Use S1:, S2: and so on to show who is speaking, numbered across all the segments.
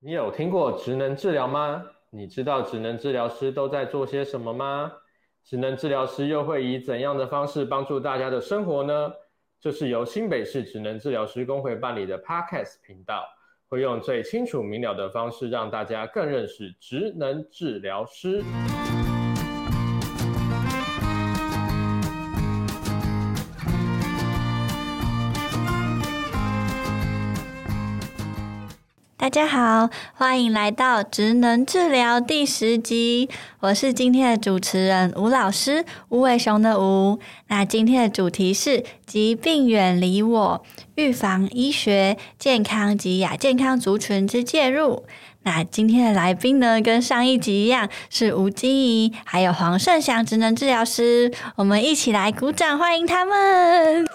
S1: 你有聽過職能治療嗎？你知道職能治療師都在做些什麼嗎？職能治療師又會以怎樣的方式幫助大家的生活呢？這，就是由新北市職能治療師公會辦理的 Podcast 頻道，會用最清楚明了的方式讓大家更認識職能治療師。
S2: 大家好，歡迎來到職能治療第十集。我是今天的主持人吳老師，吳偉雄的吳。那今天的主題是疾病遠離我，預防醫學、健康及亞健康族群之介入。那今天的來賓呢，跟上一集一樣，是吳菁宜還有黃盛祥職能治療師。我們一起來鼓掌歡迎他們。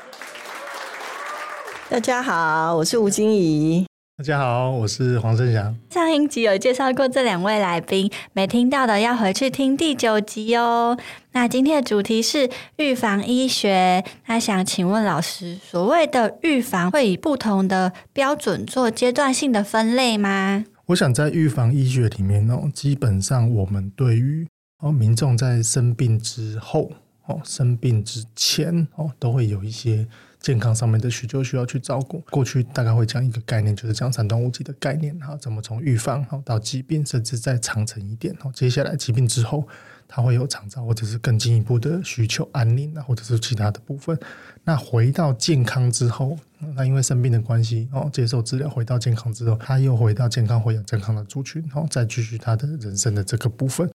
S2: 大家好，我是吳菁宜。
S1: 大家好，我是黃盛祥。
S2: 上一集有介紹過這兩位來賓，沒聽到的要回去聽第九集哦。那今天的主題是預防醫學，那想請問老師，所謂的預防會以不同的標準做階段性的分類嗎？
S1: 我想在預防醫學裡面哦，基本上我們對於哦民眾在生病之後哦、生病之前哦，都會有一些。健康上面的需求需要去照顧，過去大概會講一個概念，就是講三段五級的概念，然後怎麼從預防，然後到疾病，甚至再長程一點，然後接下來疾病之後，它會有長照或者是更進一步的需求安寧啊，或者是其他的部分。那回到健康之後，那因為生病的關係，哦，接受治療，回到健康之後，他又回到健康，回到健康的族群，然後再繼續他的人生的這個部分。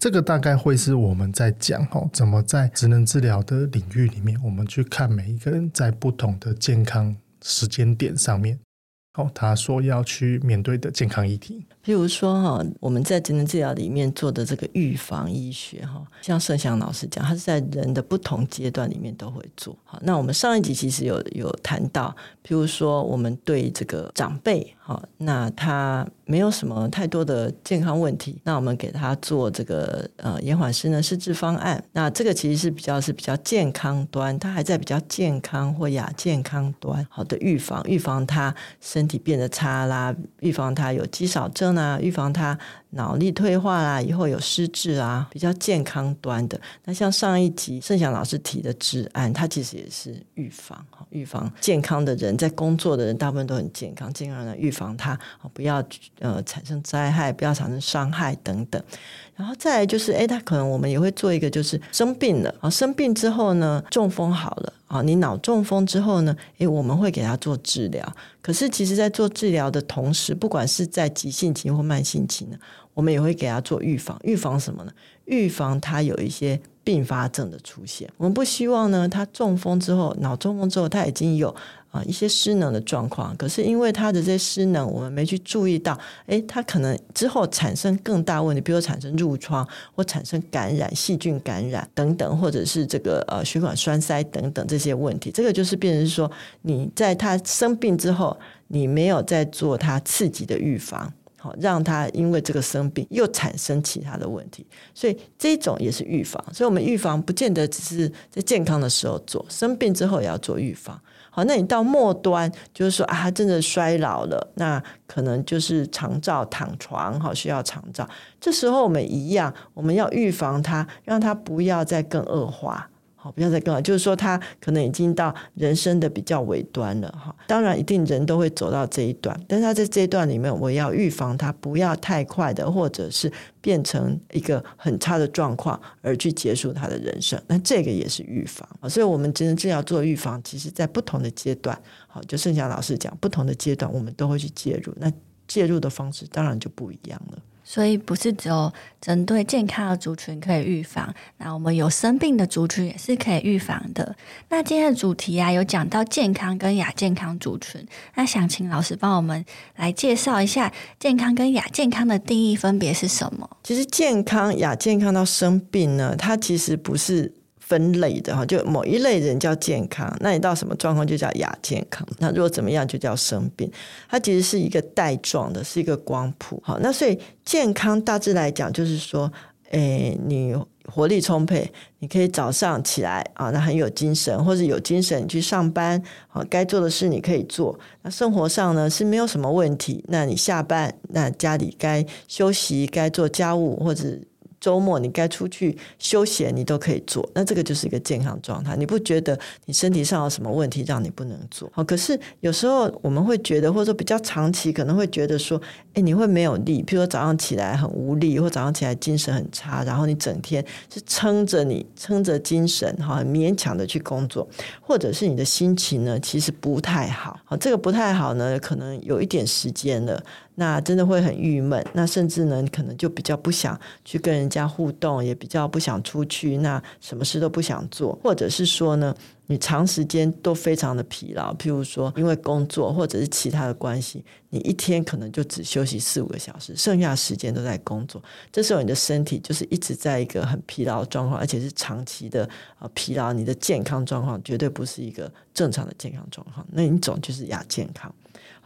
S1: 這個大概會是我們在講哦，怎麼在職能治療的領域裡面，我們去看每一個人在不同的健康時間點上面。哦，他說要去面對的健康議題，
S3: 比如說哈，我們在職能治療裡面做的這個預防醫學哈，像盛祥老師講，他是在人的不同階段裡面都會做。好，那我們上一集其實有有談到，比如說我們對這個長輩哈，那他沒有什麼太多的健康問題，那我們給他做這個呃延緩失能失智方案，那這個其實是比較是比較健康端，他還在比較健康或亞健康端，好的預防預防他身。體變得差啦，預防它有肌少症啊，預防它腦力退化啦，以後有失智啊，比較健康端的。那像上一集盛祥老師提的職安，它其實也是預防，預防健康的人在工作的人大部分都很健康，進而呢預防它不要呃產生災害，不要產生傷害等等。然後再來就是，哎，他可能我們也會做一個，就是生病了啊，生病之後呢，中風好了。啊、哦，你腦中風之後呢？誒，我們會給他做治療。可是，其實，在做治療的同時，不管是在急性期或慢性期呢，我們也會給他做預防。預防什麼呢？預防他有一些併發症的出現，我們不希望呢。他中風之後，腦中風之後，他已經有啊一些失能的狀況。可是因為他的這些失能，我們沒去注意到，哎、欸，他可能之後產生更大問題，比如說產生褥瘡或產生感染、細菌感染等等，或者是這個呃血管栓塞等等這些問題。這個就是變成說，你在他生病之後，你沒有在做他刺激的預防。好，讓他因為這個生病又產生其他的問題，所以這種也是預防。所以，我們預防不見得只是在健康的時候做，生病之後也要做預防。好，那你到末端就是說啊，他真的衰老了，那可能就是長照躺床，好，需要長照。這時候我們一樣，我們要預防他，讓他不要再更惡化。好，不要再跟了。就是說他可能已經到人生的比較尾端了哈。當然，一定人都會走到這一段，但是他在這一段裡面，我要預防他不要太快的，或者是變成一個很差的狀況而去結束他的人生。那這個也是預防，所以我們真正要做預防，其實在不同的階段，好，就盛祥老師講，不同的階段我們都會去介入，那介入的方式當然就不一樣了。
S2: 所以不是只有針對健康的族群可以預防，那我們有生病的族群也是可以預防的。那今天的主題啊，有講到健康跟亞健康族群，那想請老師幫我們來介紹一下健康跟亞健康的定義分別是什麼？其
S3: 實健康、亞健康到生病呢，它其實不是。分類的哈，就某一類人叫健康，那你到什麼狀況就叫亞健康，那如果怎麼樣就叫生病。它其實是一個帶狀的，是一個光譜。好，那所以健康大致來講就是說，誒、欸，你活力充沛，你可以早上起來啊，那很有精神，或者有精神你去上班，好，該做的事你可以做。那生活上呢是沒有什麼問題，那你下班，那家裡該休息該做家務或者。週末你該出去休閒，你都可以做，那這個就是一個健康狀態。你不覺得你身體上有什麼問題讓你不能做。好，可是有時候我們會覺得，或者說比較長期，可能會覺得說，誒、欸，你會沒有力，譬如說早上起來很無力，或早上起來精神很差，然後你整天是撐着你，撐着精神哈，好，很勉強的去工作，或者是你的心情呢，其實不太好。好，這個不太好呢，可能有一點時間了。那真的會很鬱悶，那甚至呢，可能就比較不想去跟人家互動，也比較不想出去，那什麼事都不想做，或者是說呢，你長時間都非常的疲勞，譬如說因為工作或者是其他的關係，你一天可能就只休息四五個小時，剩下的時間都在工作，這時候你的身體就是一直在一個很疲勞的狀況，而且是長期的疲勞，你的健康狀況絕對不是一個正常的健康狀況，那一種就是亞健康。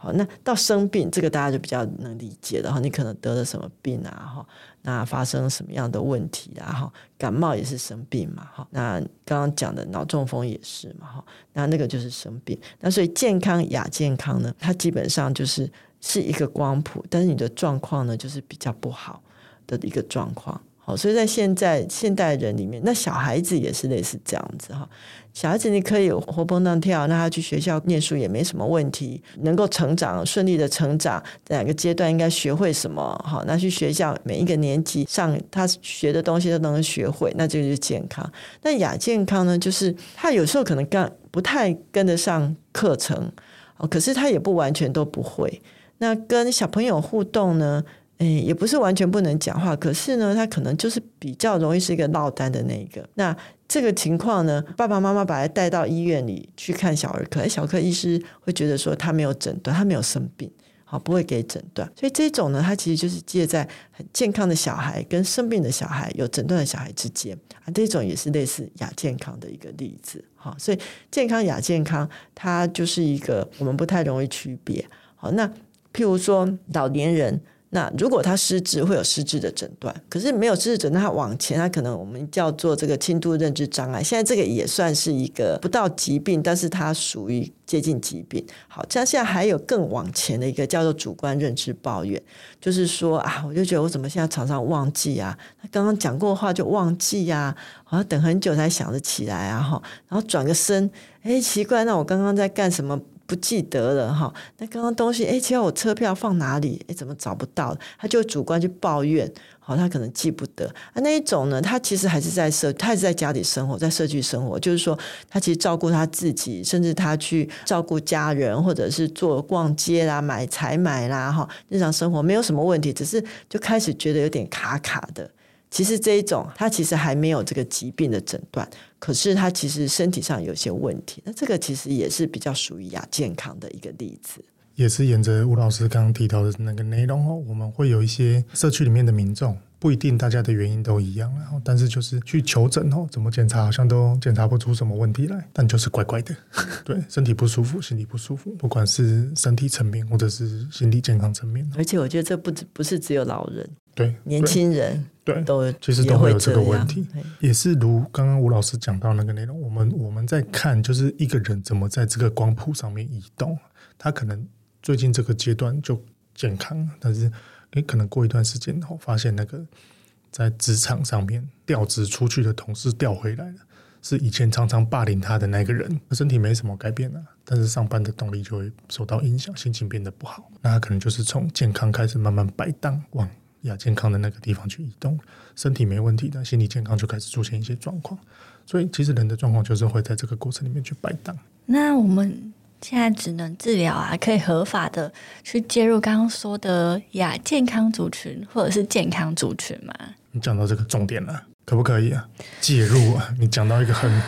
S3: 好，那到生病這個大家就比較能理解了哈，你可能得了什麼病啊哈，那發生什麼樣的問題啊哈，感冒也是生病嘛哈，那剛剛講的腦中風也是嘛哈，那那個就是生病，那所以健康亞健康呢，它基本上就是是一個光譜，但是你的狀況呢就是比較不好的一個狀況。好，所以在現在現代人裡面，那小孩子也是類似這樣子哈。小孩子你可以活蹦亂跳，那他去學校念書也沒什麼問題，能夠成長順利的成長，哪個階段應該學會什麼？好，那去學校每一個年級上，他學的東西都能學會，那就是健康。那亞健康呢，就是他有時候可能跟不太跟得上課程，哦，可是他也不完全都不會。那跟小朋友互動呢？哎、欸，也不是完全不能講話，可是呢，他可能就是比較容易是一個落單的那一個。那這個情況呢，爸爸媽媽把他帶到醫院裡去看小兒科、欸，小科醫師會覺得說他沒有診斷，他沒有生病，好，不會給診斷。所以這種呢，他其實就是介在很健康的小孩跟生病的小孩、有診斷的小孩之間啊，這種也是類似亞健康的一個例子哈。所以健康、亞健康，它就是一個我們不太容易區別。好，那譬如說老年人。那如果他失智，會有失智的診斷。可是沒有失智診斷，他往前，他可能我們叫做這個輕度認知障礙。現在這個也算是一個不到疾病，但是他屬於接近疾病。好，這樣現在還有更往前的一個叫做主觀認知抱怨，就是說啊，我就覺得我怎麼現在常常忘記啊，他剛剛講過話就忘記啊，然後等很久才想得起來啊，然後轉個身，哎，奇怪，那我剛剛在幹什麼？不記得了哈，那剛剛東西哎，其實我車票放哪裡？哎，怎麼找不到？他就主觀去抱怨，好，他可能記不得啊。那一種呢，他其實還是在社，他還是在家裡生活，在社區生活，就是說他其實照顧他自己，甚至他去照顧家人，或者是做逛街啦、買菜買啦哈，日常生活沒有什麼問題，只是就開始覺得有點卡卡的。其實這一種，他其實還沒有這個疾病的診斷，可是他其實身體上有些問題，那這個其實也是比較屬於亞、啊、健康的一個例子。
S1: 也是沿着吳老師剛剛提到的那個內容哦，我們會有一些社區裡面的民眾，不一定大家的原因都一樣，然後但是就是去求診哦，怎麼檢查好像都檢查不出什麼問題來，但就是怪怪的，對，身體不舒服，心理不舒服，不管是身體層面或者是心理健康層面。
S3: 而且我覺得這不只不是只有老人。對，年輕人對，對都其實都會有這個問題也，
S1: 也是如剛剛吳老師講到那個內容，我們我們在看就是一個人怎麼在這個光譜上面移動，他可能最近這個階段就健康，但是誒，可能過一段時間後發現那個在職場上面調職出去的同事調回來了，是以前常常霸凌他的那個人，他身體沒什麼改變啊，但是上班的動力就會受到影響，心情變得不好，那他可能就是從健康開始慢慢擺盪往。亞健康的那個地方去移動，身體沒問題，但心理健康就開始出現一些狀況。所以，其實人的狀況就是會在這個過程裡面去擺盪。
S2: 那我們現在職能治療啊，可以合法的去介入剛剛說的亞健康族群或者是健康族群嗎？
S1: 你講到這個重點了，可不可以啊？介入啊？你講到一個很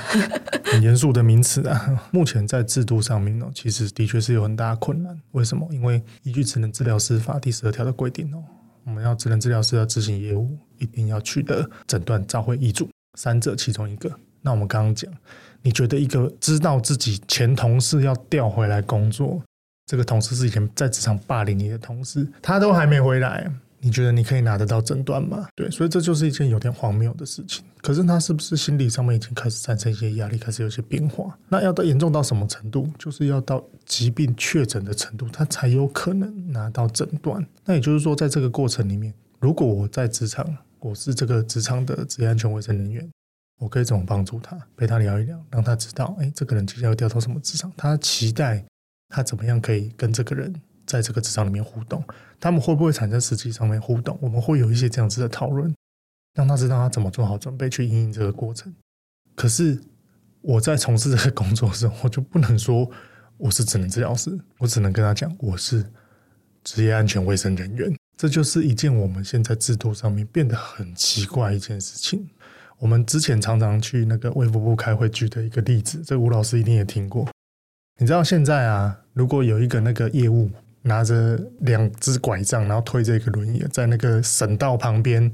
S1: 很嚴肅的名詞啊。目前在制度上面呢、哦，其實的確是有很大困難。為什麼？因為依據職能治療師法第十二條的規定哦。我們要職能治療師要執行業務，一定要取得診斷、照會、醫囑三者其中一個。那我們剛剛講，你覺得一個知道自己前同事要調回來工作，這個同事是以前在職場霸凌你的同事，他都還沒回來，你覺得你可以拿得到診斷嗎？對，所以這就是一件有點荒謬的事情。可是他是不是心理上面已經開始產生一些壓力，開始有些變化？那要到嚴重到什麼程度，就是要到疾病確診的程度，他才有可能拿到診斷。那也就是說，在這個過程裡面，如果我在職場，我是這個職場的職業安全衛生人員，我可以怎麼幫助他？陪他聊一聊，讓他知道，哎，這個人即將要調到什麼職場？他期待他怎麼樣可以跟這個人在這個職場裡面互動？他們會不會產生實際上面互動？我們會有一些這樣子的討論。讓他知道他怎麼做好準備去因應這個過程。可是我在從事這個工作的時候，我就不能說我是職能治療師，我只能跟他講我是職業安全衛生人員。這就是一件我們現在制度上面變得很奇怪一件事情。我們之前常常去那個衛福部開會舉的一個例子，這吳老師一定也聽過。你知道現在啊，如果有一個那個業務拿着兩隻拐杖，然後推著一個輪椅在那個省道旁邊。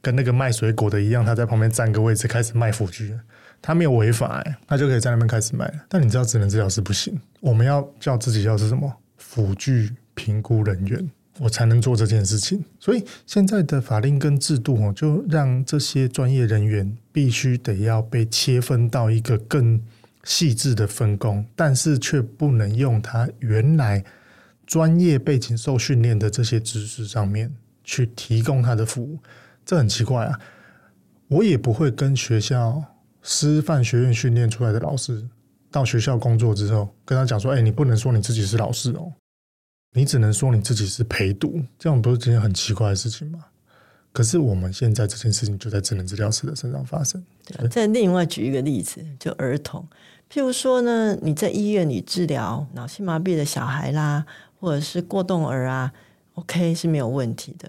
S1: 跟那個賣水果的一樣，他在旁邊占個位置開始賣輔具，他沒有違法、欸，他就可以在那邊開始賣。但你知道，職能治療是不行。我們要叫自己要是什麼輔具評估人員，我才能做這件事情。所以現在的法令跟制度、喔、就讓這些專業人員必須得要被切分到一個更細緻的分工，但是卻不能用他原來專業背景受訓練的這些知識上面去提供他的服務。這很奇怪啊！我也不會跟學校師範學院訓練出來的老師到學校工作之後，跟他講說：“哎、欸，你不能說你自己是老師哦，你只能說你自己是陪讀。”這樣不是件很奇怪的事情嗎？可是我們現在這件事情就在職能治療師的身上發生、
S3: 啊。再另外舉一個例子，就兒童，譬如說呢，你在醫院裡治療腦性麻痹的小孩啦，或者是過動兒啊，OK 是沒有問題的。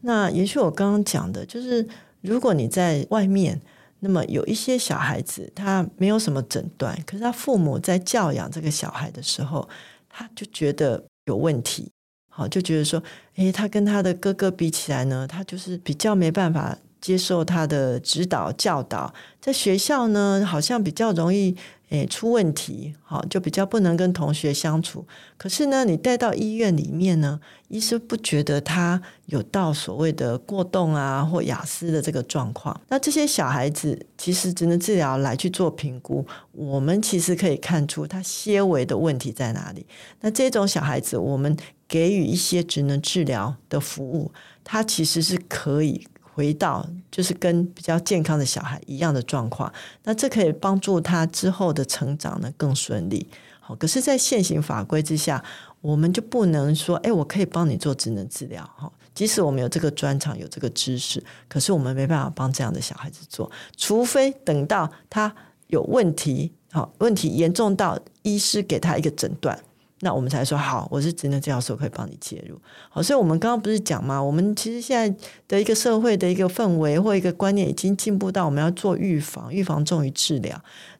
S3: 那也許我剛剛講的，就是如果你在外面，那麼有一些小孩子他沒有什麼診斷，可是他父母在教養這個小孩的時候，他就覺得有問題，好，就覺得說，欸，他跟他的哥哥比起來呢，他就是比較沒辦法接受他的指導、教導，在學校呢，好像比較容易。誒、欸，出問題，好，就比較不能跟同學相處。可是呢，你帶到醫院裡面呢，醫生不覺得他有到所謂的過動啊或雅思的這個狀況。那這些小孩子其實職能治療來去做評估，我們其實可以看出他些微的問題在哪裡。那這種小孩子，我們給予一些職能治療的服務，他其實是可以。回到就是跟比較健康的小孩一樣的狀況，那這可以幫助他之後的成長呢更順利。好，可是在現行法規之下，我們就不能說，哎、欸，我可以幫你做職能治療。即使我們有這個專長，有這個知識，可是我們沒辦法幫這樣的小孩子做，除非等到他有問題，好，問題嚴重到醫師給他一個診斷。那我們才說，好，我是職能治療師，我可以幫你介入。好，所以我們剛剛不是講嗎？我們其實現在的一個社會的一個氛圍或一個觀念，已經進步到我們要做預防，預防重於治療。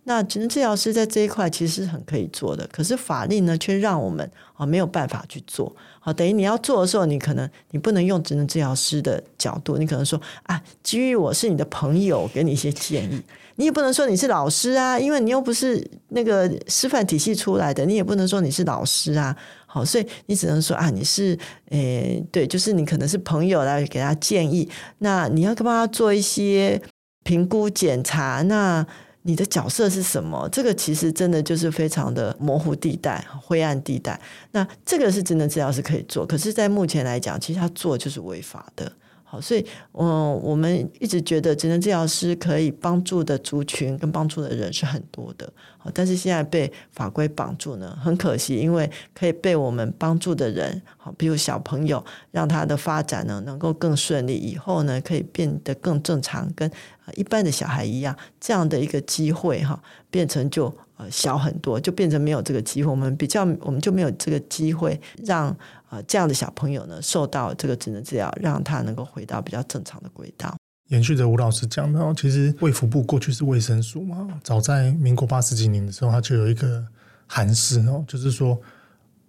S3: 那職能治療師在這一塊其實是很可以做的，可是法令呢，卻讓我們啊沒有辦法去做。好，等於你要做的時候，你可能你不能用職能治療師的角度，你可能說啊，基於我是你的朋友，給你一些建議。 你也不能說你是老師啊，因為你又不是那個師範體系出來的，你也不能說你是老師啊。好，所以你只能說啊，你是誒、欸，對，就是你可能是朋友來給他建議，那你要跟幫他做一些評估檢查，那你的角色是什麼？這個其實真的就是非常的模糊地帶、灰暗地帶。那這個是真的治療師可以做，可是，在目前來講，其實他做就是違法的。好，所以，嗯、呃，我們一直覺得職能治療師可以幫助的族群跟幫助的人是很多的，好，但是現在被法規綁住呢，很可惜，因為可以被我們幫助的人，好，比如小朋友，讓他的發展呢能夠更順利，以後呢可以變得更正常，跟一般的小孩一樣，這樣的一個機會哈，變成就呃小很多，就變成沒有這個機會，我們比較我們就沒有這個機會讓。啊，這樣的小朋友呢，受到這個職能治療，讓他能夠回到比較正常的軌道。
S1: 延續着吳老師講的哦，其實衛福部過去是衛生署嘛，早在民國八十幾年的時候，他就有一個函釋哦，就是說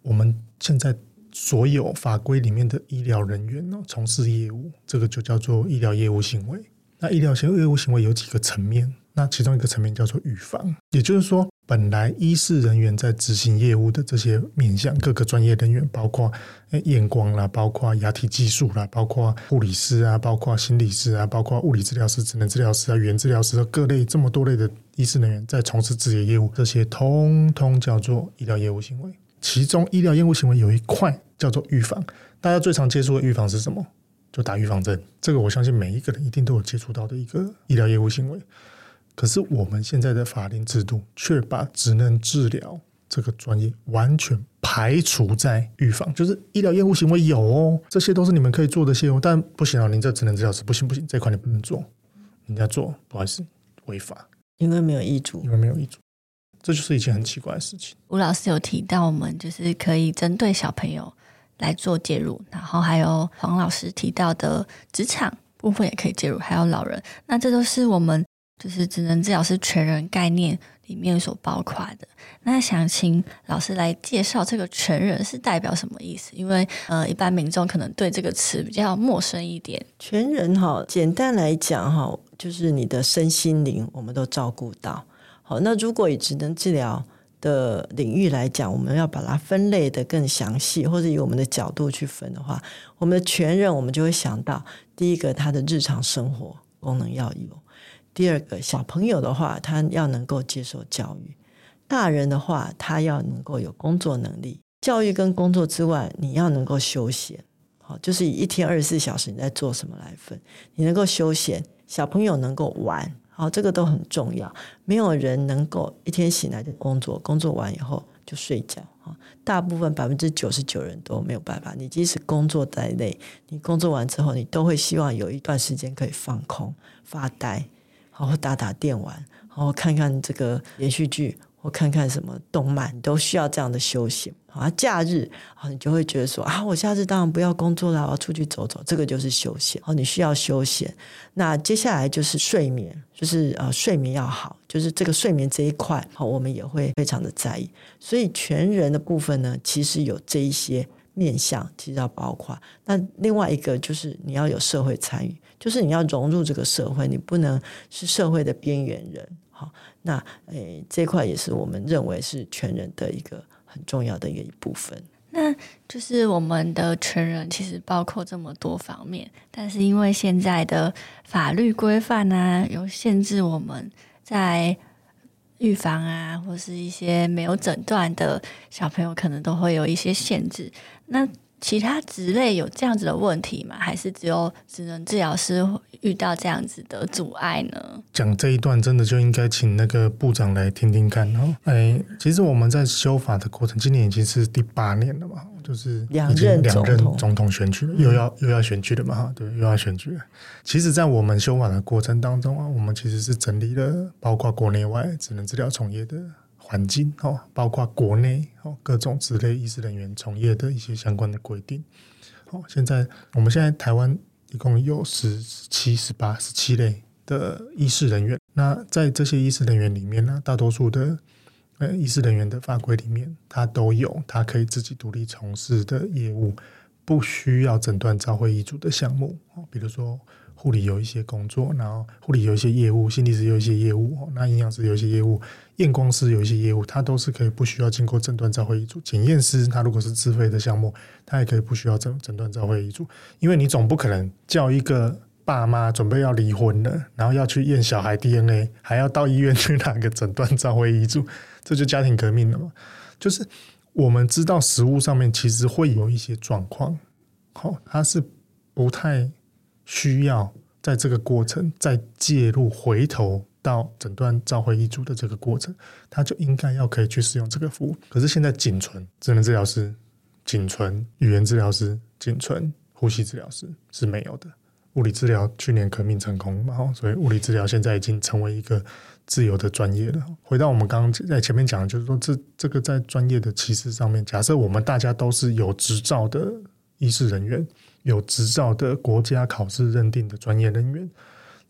S1: 我們現在所有法規裡面的醫療人員哦，從事業務，這個就叫做醫療業務行為。那醫療行業務行為有幾個層面？那其中一個層面叫做預防，也就是說，本來醫事人員在執行業務的這些面向，各個專業人員，包括驗光啦，包括牙體技術啦，包括護理師啊，包括心理師啊，包括物理治療師、職能治療師啊、語言治療師各類這麼多類的醫事人員在從事自己業、業務，這些通通叫做醫療業務行為。其中，醫療業務行為有一塊叫做預防，大家最常接觸的預防是什麼？就打預防針，這個我相信每一個人一定都有接觸到的一個醫療業務行為。可是我們現在的法定制度卻把職能治療這個專業完全排除在預防，就是醫療業務行為有哦，這些都是你們可以做的業務，但不行啊、哦，您這職能治療是不行不行，這塊你不能做，人家做，
S2: 不好意思，違法，
S1: 因為沒有醫囑，因為沒有醫囑，這就是一件很奇怪的事情。
S2: 吳老師有提到，我們就是可以針對小朋友來做介入，然後還有黃老師提到的職場部分也可以介入，還有老人，那這都是我們。就是職能治療是全人概念裡面所包括的。那想請老師來介紹這個全人是代表什麼意思？因為呃，一般民眾可能對這個詞比較陌生一點。
S3: 全人哈，簡單來講哈，就是你的身心靈我們都照顧到。好，那如果以職能治療的領域來講，我們要把它分類得更詳細，或者以我們的角度去分的話，我們的全人我們就會想到第一個，他的日常生活功能要有。第二個小朋友的話，他要能夠接受教育；大人的話，他要能夠有工作能力。教育跟工作之外，你要能夠休閒，好，就是一天二十四小時你在做什麼來分，你能夠休閒，小朋友能夠玩，好，這個都很重要。沒有人能夠一天醒來就工作，工作完以後就睡覺，大部分百分之九十九人都沒有辦法。你即使工作再累，你工作完之後，你都會希望有一段時間可以放空、發呆。然後打打電玩，然後看看這個連續劇，或看看什麼動漫，都需要這樣的休閒。啊，假日，你就會覺得說啊，我下次當然不要工作了，我要出去走走，這個就是休閒。然後你需要休閒，那接下來就是睡眠，就是呃睡眠要好，就是這個睡眠這一塊，我們也會非常的在意。所以全人的部分呢，其實有這一些。面向其實要包括，那另外一個就是你要有社會參與，就是你要融入這個社會，你不能是社會的邊緣人。好，那誒、欸、這塊也是我們認為是全人的一個很重要的一個一部分。
S2: 那就是我們的全人其實包括這麼多方面，但是因為現在的法律規範呢、啊、有限制，我們在。預防啊，或是一些沒有診斷的小朋友，可能都會有一些限制。那其他職類有這樣子的問題嗎？還是只有職能治療師遇到這樣子的阻礙呢？
S1: 講這一段真的就應該請那個部長來聽聽看哦。哎，其實我們在修法的過程，今年已經是第八年了嘛。就是兩任兩任總統選舉，統又要又要選舉的嘛哈，對，又要選舉。其實，在我們修法的過程當中啊，我們其實是整理了包括國內外職能治療從業的環境哦，包括國內哦各種職類醫事人員從業的一些相關的規定。哦，現在我們現在台灣一共有十七、十八、十七類的醫事人員。那在這些醫事人員裡面呢，啊，大多數的。呃、嗯，醫事人員的法規裡面，他都有他可以自己獨立從事的業務，不需要診斷照會醫囑的項目，哦。比如說護理有一些工作，然後護理有一些業務，心理師有一些業務，哦、那營養師有一些業務，驗光師有一些業務，他都是可以不需要經過診斷照會醫囑。檢驗師他如果是自費的項目，他也可以不需要診診斷照會醫囑，因為你總不可能叫一個爸媽準備要離婚了，然後要去驗小孩 DNA，還要到醫院去拿個診斷照會醫囑。這就家庭革命了嘛，就是我們知道食物上面其實會有一些狀況，好、哦，他是不太需要在這個過程再介入，回頭到診斷、照會或醫囑的這個過程，他就應該要可以去使用這個服務。可是現在僅存職能治療師、僅存語言治療師、僅存呼吸治療師是沒有的。物理治療去年革命成功，然後所以物理治療現在已經成為一個自由的專業了。回到我們剛剛在前面講，就是說，這這個在專業的歧視上面，假設我們大家都是有執照的醫師人員，有執照的國家考試認定的專業人員，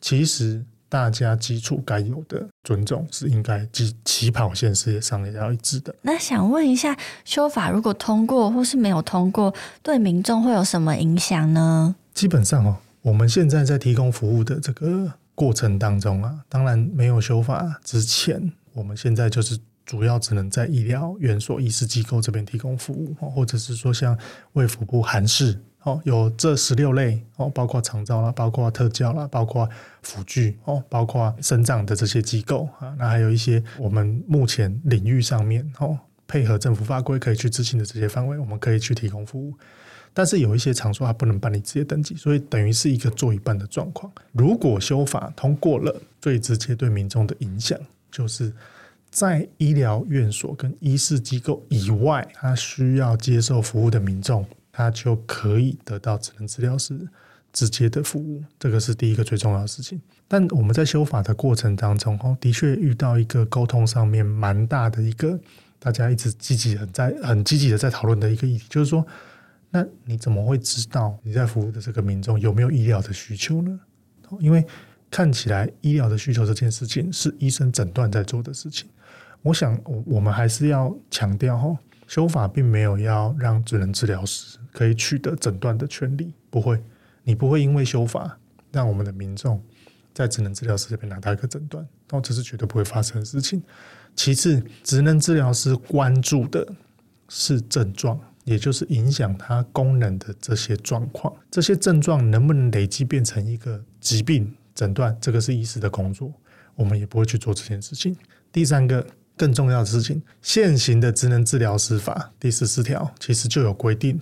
S1: 其實大家基礎該有的尊重是應該及起跑線事業上也要一致的。
S2: 那想問一下，修法如果通過或是沒有通過，對民眾會有什麼影響呢？
S1: 基本上哦。我們現在在提供服務的這個過程當中啊，當然沒有修法之前，我們現在就是主要只能在醫療院所、醫師機構這邊提供服務哦，或者是說像衛福部函釋哦，有這十六類哦，包括長照啦，包括特教啦，包括輔具哦，包括生長的這些機構啊、哦，那還有一些我們目前領域上面哦，配合政府法規可以去執行的這些範圍，我們可以去提供服務。但是有一些場所它不能辦理執業登記，所以等於是一個做一半的狀況。如果修法通過了，最直接對民眾的影響，就是在醫療院所跟醫事機構以外，他需要接受服務的民眾，他就可以得到職能治療師直接的服務。這個是第一個最重要的事情。但我們在修法的過程當中，哦，的確遇到一個溝通上面蠻大的一個，大家一直積極在很積極的在討論的，的一個議題，就是說。那你怎麼會知道你在服務的這個民眾有沒有醫療的需求呢？因為看起來醫療的需求這件事情是醫生診斷在做的事情。我想，我我們還是要強調哈、哦，修法並沒有要讓職能治療師可以取得診斷的權利，不會，你不會因為修法讓我們的民眾在職能治療師這邊拿到一個診斷，那、哦、這是絕對不會發生的事情。其次，職能治療師關注的是症狀。也就是影響他功能的這些狀況，這些症狀能不能累積變成一個疾病診斷？這個是醫師的工作，我們也不會去做這件事情。第三個更重要的事情，現行的職能治療師法第十四條其實就有規定，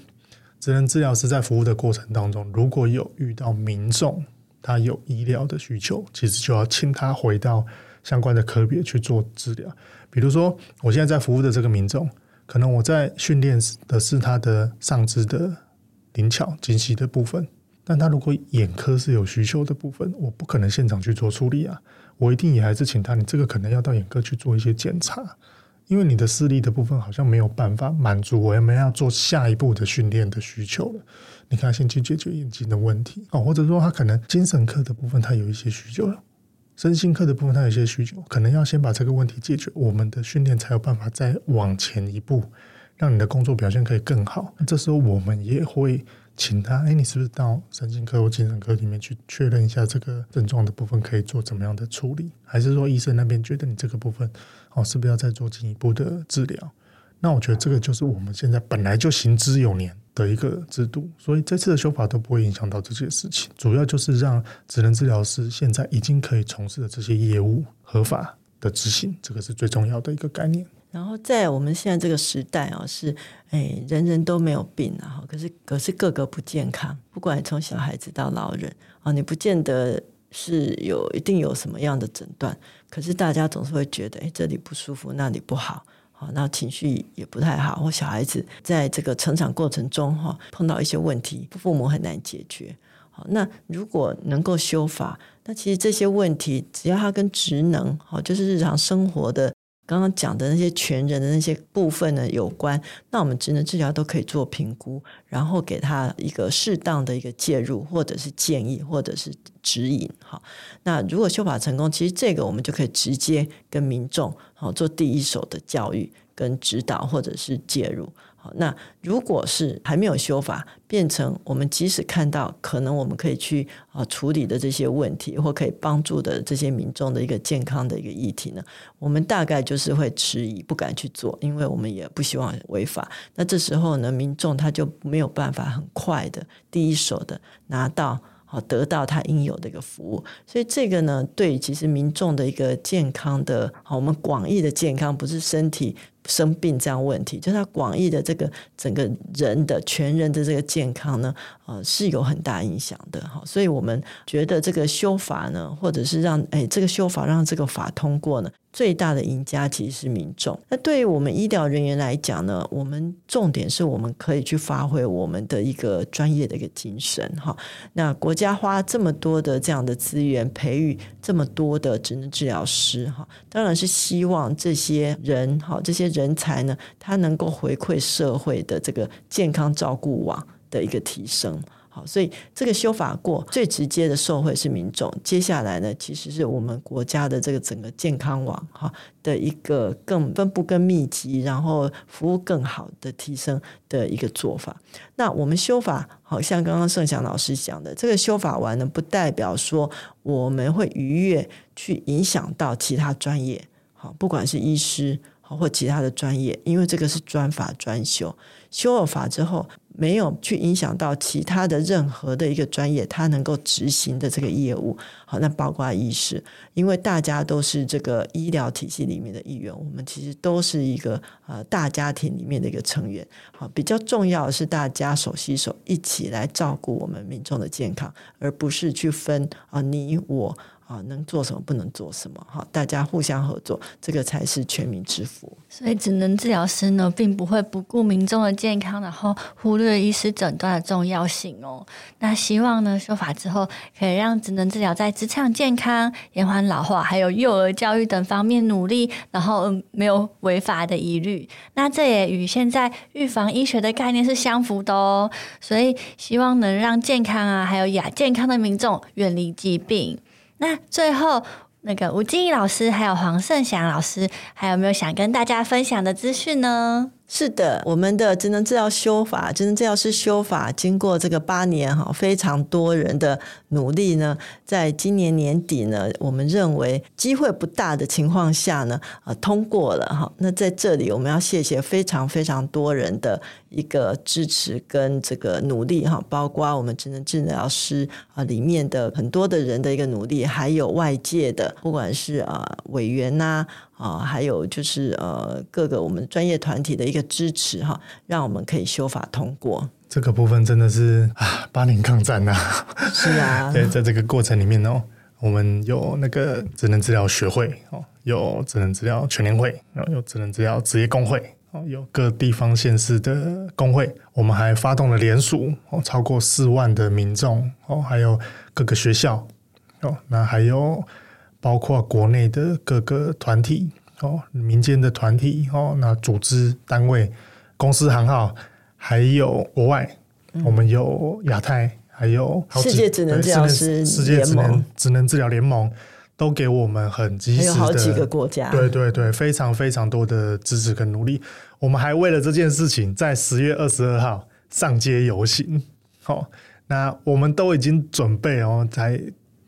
S1: 職能治療師在服務的過程當中，如果有遇到民眾他有醫療的需求，其實就要請他回到相關的科別去做治療。比如說，我現在在服務的這個民眾，可能我在訓練的是他的上肢的靈巧精細的部分，但他如果眼科是有需求的部分，我不可能現場去做處理啊，我一定也還是請他，你這個可能要到眼科去做一些檢查，因為你的視力的部分好像沒有辦法滿足我們要做下一步的訓練的需求了。你看，先去解，解決眼睛的問題啊，哦，或者說他可能精神科的部分，他有一些需求了。身心科的部分，他有些需求，可能要先把這個問題解決，我們的訓練才有辦法再往前一步，讓你的工作表現可以更好。這時候我們也會請他，哎，你是不是到神經科或精神科裡面去確認一下這個症狀的部分，可以做怎麼樣的處理？還是說醫生那邊覺得你這個部分，哦，是不是要再做進一步的治療？那我覺得這個就是我們現在本來就行之有年的一個制度，所以這次的修法都不會影響到這些事情，主要就是讓職能治療師現在已經可以從事的這些業務合法的執行，這個是最重要的一個概念。
S3: 然後在我們現在這個時代啊，是，誒，人人都沒有病啊，可是可是個個不健康，不管你從小孩子到老人啊，你不見得是有一定有什麼樣的診斷，可是大家總是會覺得，哎，這裡不舒服，那裡不好。好，那情緒也不太好，或小孩子在這個成長過程中哈，碰到一些問題，父母很難解決。好，那如果能夠修法，那其實這些問題，只要他跟職能，好，就是日常生活的。剛剛講的那些全人的那些部分呢，有關，那我們職能治療都可以做評估，然後給他一個適當的一個介入，或者是建議，或者是指引。好，那如果修法成功，其實這個我們就可以直接跟民眾好做第一手的教育跟指導，或者是介入。那如果是還沒有修法，變成我們即使看到可能我們可以去啊處理的這些問題，或可以幫助的這些民眾的一個健康的一個議題呢，我們大概就是會遲疑不敢去做，因為我們也不希望違法。那這時候呢，民眾他就沒有辦法很快的第一手的拿到啊得到他應有的一個服務，所以這個呢，對於其實民眾的一個健康的，好我們廣義的健康，不是身體。生病這樣問題，就他廣義的這個整個人的全人的這個健康呢，呃，是有很大影響的哈。所以我們覺得這個修法呢，或者是讓哎、欸、這個修法讓這個法通過呢。最大的贏家其實是民眾。那對於我們醫療人員來講呢，我們重點是我們可以去發揮我們的一個專業的一個精神哈。那國家花這麼多的這樣的資源，培育這麼多的職能治療師哈，當然是希望這些人哈這些人才呢，他能夠回饋社會的這個健康照顧網的一個提升。所以這個修法過最直接的受惠是民眾，接下來呢，其實是我們國家的這個整個健康網哈的一個更分布更密集，然後服務更好的提升的一個做法。那我們修法，好像剛剛盛祥老師講的，這個修法完呢，不代表說我們會逾越去影響到其他專業，好，不管是醫師好或其他的專業，因為這個是專法專修，修了法之後。沒有去影響到其他的任何的一個專業，它能夠執行的這個業務，好，那包括醫師，因為大家都是這個醫療體系裡面的一員，我們其實都是一個呃大家庭裡面的一個成員，好，啊，比較重要的是大家手牽手一起來照顧我們民眾的健康，而不是去分啊你我。啊，能做什麼，不能做什麼？哈，大家互相合作，這個才是全民之福。
S2: 所以，職能治療師呢，並不會不顧民眾的健康，然後忽略醫師診斷的重要性哦。那希望呢，修法之後可以讓職能治療在職場健康、延緩老化，還有幼兒教育等方面努力，然後沒有違法的疑慮。那這也與現在預防醫學的概念是相符的哦。所以，希望能讓健康啊，還有亞健康的民眾遠離疾病。那最後，那個吳菁宜老師還有黃盛祥老師，還有沒有想跟大家分享的資訊呢？是的，我
S3: 們的職能治療修法，職能治療師修法，經過這個八年哈，非常多人的努力呢，在今年年底呢，我們認為機會不大的情況下呢，啊、呃、通過了哈。那在這裡我們要謝謝非常非常多人的一個支持跟這個努力哈，包括我們職能治療師啊裡面的很多的人的一個努力，還有外界的，不管是啊委員吶、啊。啊、哦，還有就是呃，各個我們專業團體的一個支持哈、哦，讓我們可以修法通過。
S1: 這個部分真的是啊，八年抗戰吶、啊！是啊，對，在這個過程裡面哦，我們有那個職能治療學會哦，有職能治療全聯會，然、哦、有職能治療職業工會、哦、有各地方縣市的工會，我們還發動了聯署哦，超過四萬的民眾哦，還有各個學校哦，那還有。包括國內的各個團體哦，民間的團體哦，那組織單位、公司行號，還有國外，嗯、我們有亞太，還有世界職能治療師，世界職能、職能治療聯盟，都給我們很及時的，還有好幾個國家，對對對，非常非常多的支持跟努力。我們還為了這件事情，在十月二十二號上街遊行。好、哦，那我們都已經準備哦，在。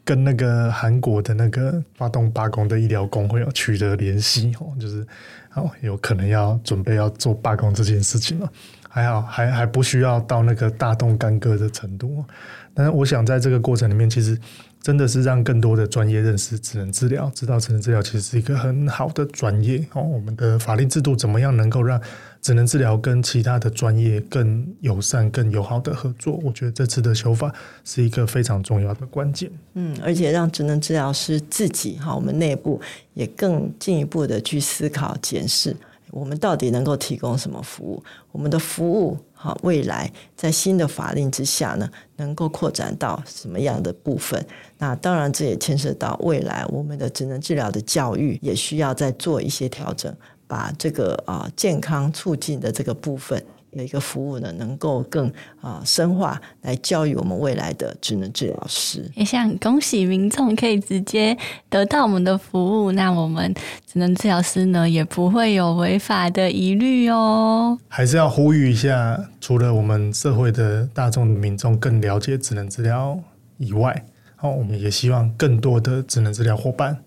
S1: 跟那個韓國的那個發動罷工的醫療工會有取得聯繫哦，就是哦有可能要準備要做罷工這件事情了，還好還還不需要到那個大動干戈的程度，但是我想在這個過程裡面，其實真的是讓更多的專業認識職能治療，知道職能治療其實是一個很好的專業哦，我們的法律制度怎麼樣能夠讓。職能治療跟其他的專業更友善、更友好的合作，我覺得這次的修法是一個
S3: 非常重要的關鍵。嗯，而且讓職能治療師自己哈，我們內部也更進一步的去思考檢視，我們到底能夠提供什麼服務，我們的服務哈，未來在新的法令之下呢，能夠擴展到什麼樣的部分？那當然，這也牽涉到未來我們的職能治療的教育也需要再做一些調整。把這個啊健康促進的這個部分的一個服務呢，能夠更啊深化來教育我們未來的職能治療師。
S2: 也想恭喜民眾可以直接得到我們的服務，那我們職能治療師呢也不會有違法的疑慮哦。
S1: 還是要呼籲一下，除了我們社會的大眾民眾更了解職能治療以外，那我們也希望更多的職能治療夥伴。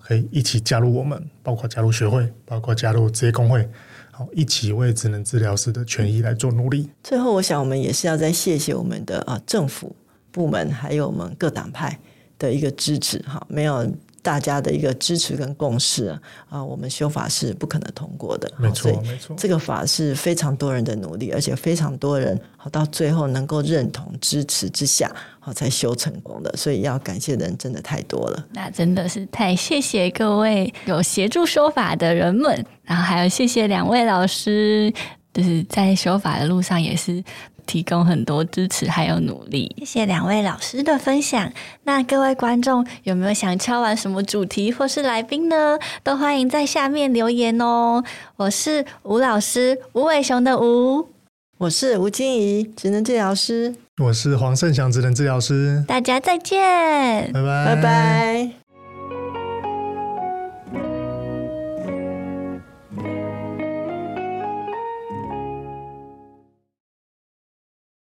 S1: 可以一起加入我們，包括加入學會，包括加入職業工會，好，一起為職能治療師的權益來做努力。
S3: 最後，我想我們也是要再謝謝我們的啊政府部門，還有我們各黨派的一個支持，哈，沒有大家的一個支持跟共識啊，我們修法是不可能通過的。沒錯，沒錯，這個法是非常多人的努力，而且非常多人好到最後能夠認同支持之下，好才修成功的。所以要感謝的人真的太多了。
S2: 那真的是太謝謝各位有協助修法的人們，然後還有謝謝兩位老師，就是在修法的路上也是。提供很多支持，還有努力。謝謝兩位老師的分享。那各位觀眾有沒有想敲碗什麼主題或是來賓呢？都歡迎在下面留言哦。我是吳老師吳偉雄的吳，我是吳菁宜，職能治療師，
S1: 我是黃盛祥，
S3: 職能治療師。
S2: 大家再見，拜拜拜拜。Bye bye